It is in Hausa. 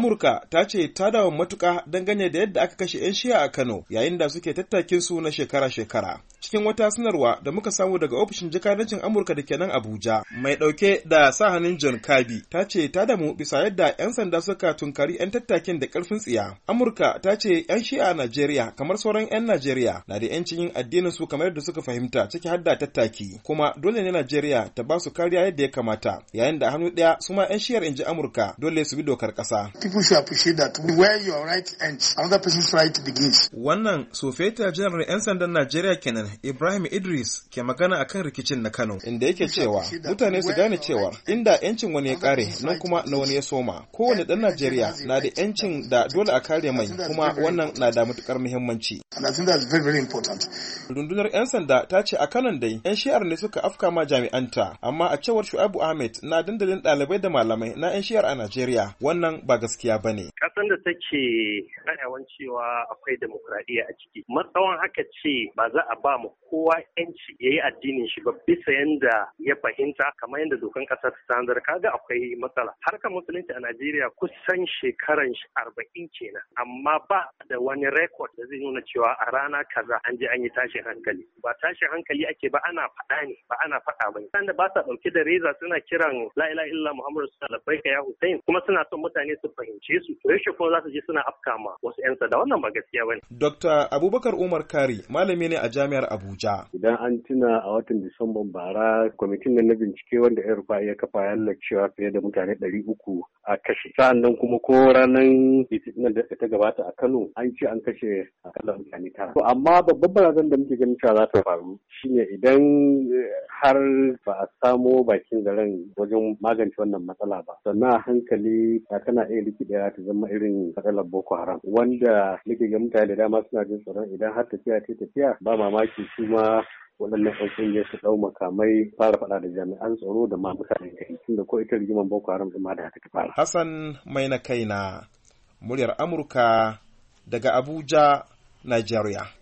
Amurka ta ce ta dawo matuƙa dangane da yadda aka kashe 'yan shiya a Kano yayin da suke tattakin su na shekara-shekara. Cikin wata sanarwa da muka samu daga ofishin jakadancin Amurka da ke nan Abuja, mai ɗauke da sa hannun John Kirby ta ce ta damu bisa yadda 'yan sanda suka tunkari 'yan tattakin da ƙarfin tsiya. Amurka ta ce 'yan shi'a a Najeriya kamar sauran 'yan Najeriya na da 'yancin yin addinin su kamar yadda suka fahimta ciki har da tattaki, kuma dole ne Najeriya ta ba su kariya yadda ya kamata, yayin da hannu ɗaya su ma 'yan shiyar ji Amurka dole su bi dokar ƙasa. people should appreciate that where your right ends, another person's right begins. Wannan Sofeta Janar 'yan sandan Najeriya kenan Ibrahim Idris ke magana akan rikicin na Kano. Inda yake cewa mutane su gane cewa inda 'yancin wani ya kare nan kuma na wani ya soma. Kowane ɗan Najeriya na da 'yancin da dole a kare mai kuma wannan na da matukar muhimmanci. Rundunar 'yan sanda ta ce a Kano dai 'yan shi'ar ne suka afka ma jami'anta amma a cewar Shu'abu Ahmed na dandalin ɗalibai da malamai na 'yan shi'ar a Najeriya wannan ba gaskiya gaskiya ba ne. Ƙasar da take rayawan cewa akwai demokuraɗiyya a ciki. Matsawan haka ce ba za a ba mu kowa ‘yanci ya yi addinin shi ba bisa yanda ya fahimta kamar yadda dokan ƙasar ta tanzar kaga akwai matsala. Harkar musulunci a Najeriya kusan shekaran arba'in kenan amma ba da wani rekod da zai nuna cewa a rana kaza an je an yi tashin hankali. Ba tashin hankali ake ba ana faɗa ne ba ana faɗa ba ne. da ba sa ɗauke da reza suna kiran la illa Muhammadu sallallahu alaihi ya Hussein kuma suna son mutane su fahimci fahimce su to yaushe kuma za su je suna afka ma wasu 'yan da wannan ba gaskiya bane. Dr. Abubakar Umar Kari malami ne a Jami'ar Abuja. Idan an tuna a watan Disamban bara kwamitin na bincike wanda ya rufa ya kafa ya cewa fiye da mutane ɗari uku a kashe. Sa'an nan kuma ko ranar litinin da ta gabata a Kano an ce an kashe akalla mutane tara. To amma babban barazan da muke ganin cewa za ta faru shine idan eh, har ba a samo bakin zaren wajen magance wannan matsala ba sannan a hankali ta tana iya rikida ta zama irin matsalar boko haram wanda nake ga mutane da dama suna jin tsoron idan har tafiya ta tafiya ba mamaki su ma waɗannan ɗan ƙungiyar su ɗau makamai fara faɗa da jami'an tsaro da ma mutanen gari tunda ko ita rigimar boko haram ɗin ma da ta fara. Hassan mai na kaina muryar Amurka daga Abuja, Najeriya.